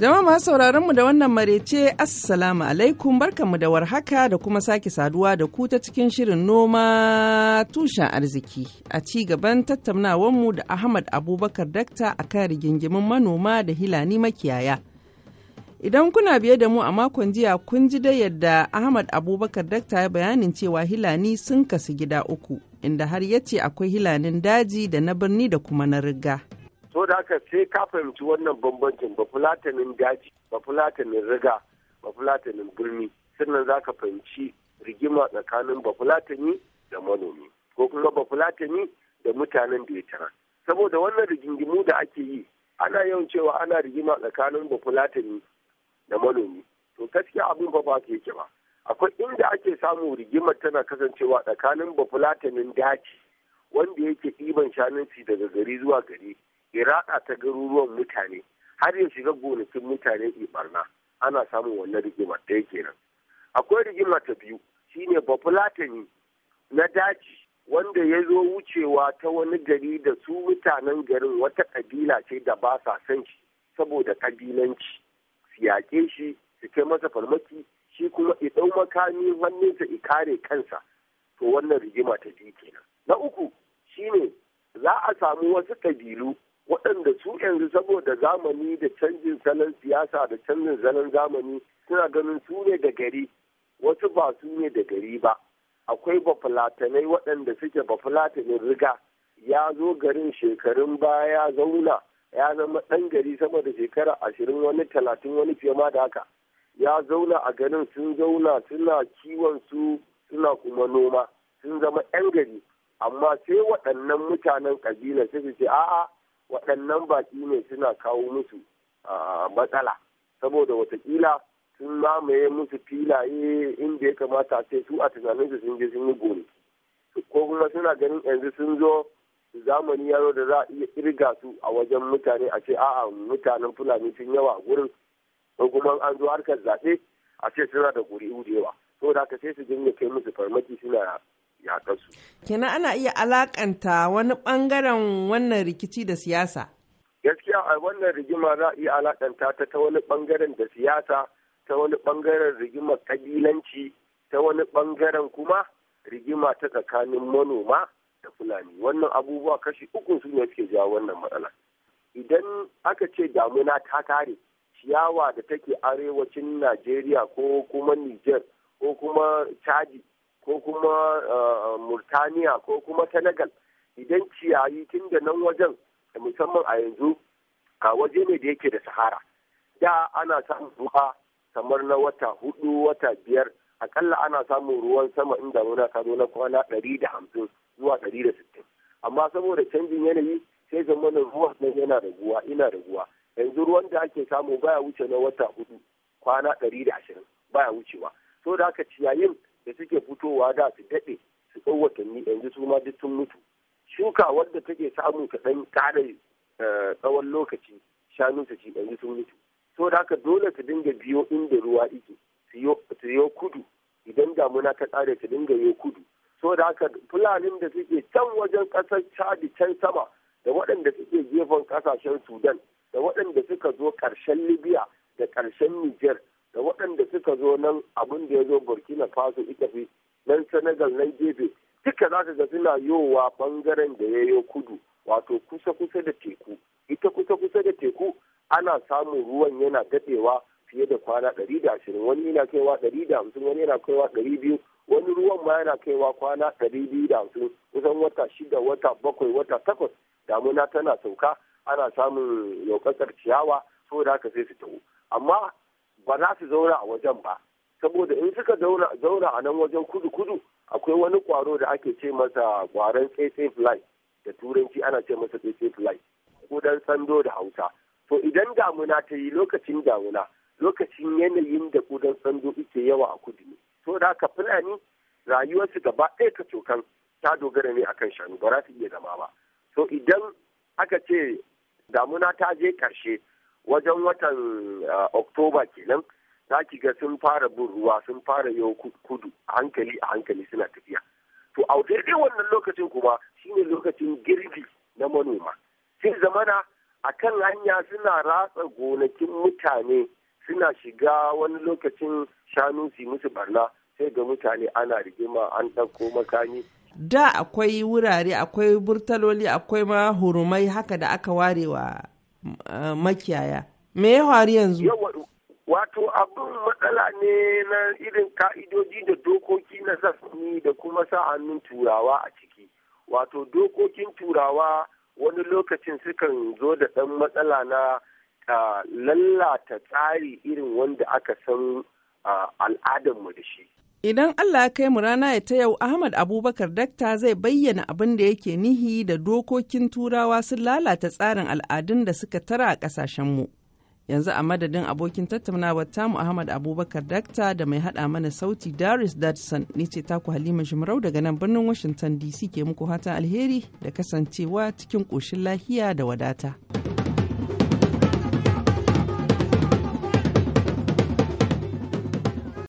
Jama'a masu sauraron mu da wannan marece Assalamu alaikum barkanmu da warhaka da kuma sake saduwa da ku ta cikin shirin noma tushen arziki a ci gaban mu da Ahmad Abubakar Dakta kan rigingimin manoma da hilani makiyaya. Idan kuna biye da mu a makon jiya kun ji da yadda Ahmad Abubakar Dakta ya bayanin cewa hilani sun kasu gida uku inda har ya ce akwai hilanin daji da na birni da kuma na riga. so da haka sai ka fahimci wannan bambancin ba fulatanin daji ba fulatanin riga ba fulatanin birni sannan za ka fahimci rigima tsakanin ba fulatani da manomi ko kuma ba fulatani da mutanen da ya tara saboda wannan rigingimu da ake yi ana yawan cewa ana rigima tsakanin ba fulatani da manomi to gaskiya abin ba ba yake ba akwai inda ake samu rigima tana kasancewa tsakanin ba fulatanin daji wanda yake ɗiban shanunci daga gari zuwa gari ya ta garuruwan mutane har ya shiga gonakin mutane barna ana samun wannan rigima ɗaya kenan akwai rigima ta biyu shine bafulatani na daji wanda ya zo wucewa ta wani gari da su mutanen garin wata kabila ce da ba sa son shi saboda kabilanci su yaƙe shi su kai masa farmaki shi kuma idan makami hannunsa i kare kansa to wannan rigima ta biyu kenan na uku shine za a samu wasu ƙabilu. waɗanda su yanzu saboda zamani da canjin salon siyasa da canjin salon zamani suna ganin su ne da gari wasu ba su ne da gari ba akwai bafulatanai waɗanda suke bafulatanin riga ya zo garin shekarun baya ya zauna ya zama ɗan gari sama da shekara ashirin wani talatin wani fiye ma da haka ya zauna a garin sun zauna suna kiwon su suna kuma noma sun zama ɗan gari amma sai waɗannan mutanen ƙabila suka ce a'a waɗannan baƙi ne suna kawo musu matsala saboda watakila sun mamaye musu filaye inda ya kamata a ce su a tunaninsu sun je sun yi goni ko kuma suna ganin yanzu sun zo zamani yaro da za a iya kirga su a wajen mutane a ce a'a mutanen fulani sun yawa a gurin ko kuma an zo harkar zaɓe a ce suna da ƙuri'u da yawa saboda haka sai su dinga kai musu farmaki suna yaƙarsu. Kenan ana iya alakanta wani ɓangaren wannan rikici da siyasa? Gaskiya a wannan rigima za a iya alakanta ta ta wani ɓangaren da siyasa, ta wani ɓangaren rigima ƙabilanci, ta wani ɓangaren kuma rigima ta tsakanin manoma da Fulani. Wannan abubuwa kashi uku su ne suke jawo wannan matsala. Idan aka ce damuna ta kare, ciyawa da take arewacin Najeriya ko kuma Nijar ko kuma Chadi ko kuma uh, uh, murtaniya ko kuma senegal idan ciyayi tun da nan wajen musamman a yanzu a waje ne da yake da sahara da ana samun ruwa kamar na wata hudu wata biyar akalla ana samun ruwan sama inda damuna ta zo na kwana ɗari da hamsin zuwa ɗari da sittin amma saboda canjin yanayi sai zamanin ruwa na yana raguwa ina raguwa yanzu ruwan da ake samu baya wuce na wata hudu kwana ɗari da ashirin baya wucewa so da aka ciyayin da suke fitowa da su daɗe su ɗau watanni yanzu su ma duk sun mutu shuka wadda take samun kaɗan ƙara eh, tsawon lokaci shanu su ci yanzu sun mutu so da haka dole su dinga biyo inda ruwa ike su yo kudu idan damuna ta ƙare su dinga yo kudu so da haka fulanin da suke can wajen ƙasar chadi can sama da waɗanda suke gefen ƙasashen sudan da waɗanda suka zo ƙarshen libya da ƙarshen niger da waɗanda suka zo nan abin da ya zo burkina faso ita fi nan senegal nan gefe duka za ka ga suna yowa bangaren da ya yi kudu wato kusa kusa da teku ita kusa kusa da teku ana samun ruwan yana daɗewa fiye da kwana ɗari da ashirin wani yana kaiwa ɗari da hamsin wani yana kaiwa ɗari biyu wani ruwan ma yana kaiwa kwana ɗari biyu da hamsin kusan wata shida wata bakwai wata takwas damuna tana sauka ana samun yaukakar ciyawa saboda haka sai su taho amma ba za su zauna a wajen ba saboda in suka zauna a nan wajen kudu kudu akwai wani kwaro da ake ce masa kwaron tsetse fly da turanci ana ce masa tsetse fly kudan sando da hausa to idan damuna ta yi lokacin damuna lokacin yanayin da kudan sando ke yawa a kudu ne to da ka fulani rayuwarsu gaba ɗaya ka cokan ta dogara ne akan shanu ba za su iya zama ba to idan aka ce damuna ta je ƙarshe wajen watan oktoba kenan za ki ga sun fara bin ruwa sun fara yau kudu a hankali a hankali suna tafiya to a daidai wannan lokacin kuma shine lokacin girbi na manoma sai zamana a kan hanya suna ratsa gonakin mutane suna shiga wani lokacin shanu su musu barna sai ga mutane ana rigima an ɗauko makami da akwai wurare akwai burtaloli akwai ma hurumai haka da aka warewa makiyaya me ya faru yanzu wato abin matsala ne na irin ka'idoji da dokoki na zafi da kuma sa hannun turawa a ciki wato dokokin turawa wani lokacin sukan zo da ɗan matsala na lallata tsari irin wanda aka san al'adarmu da shi Idan Allah ya kai mu rana ya ta yau Ahmad Abubakar Dakta zai bayyana abin da yake nihi da dokokin turawa sun lalata tsarin al'adun da suka tara a ƙasashenmu. Yanzu a madadin abokin tattaunawar tamu Ahmad Abubakar Dakta da mai haɗa mana sauti Darius Dadson ne ce taku Halima Jimarau daga nan birnin Washington DC ke muku hatan alheri da kasancewa cikin ƙoshin lahiya da wadata.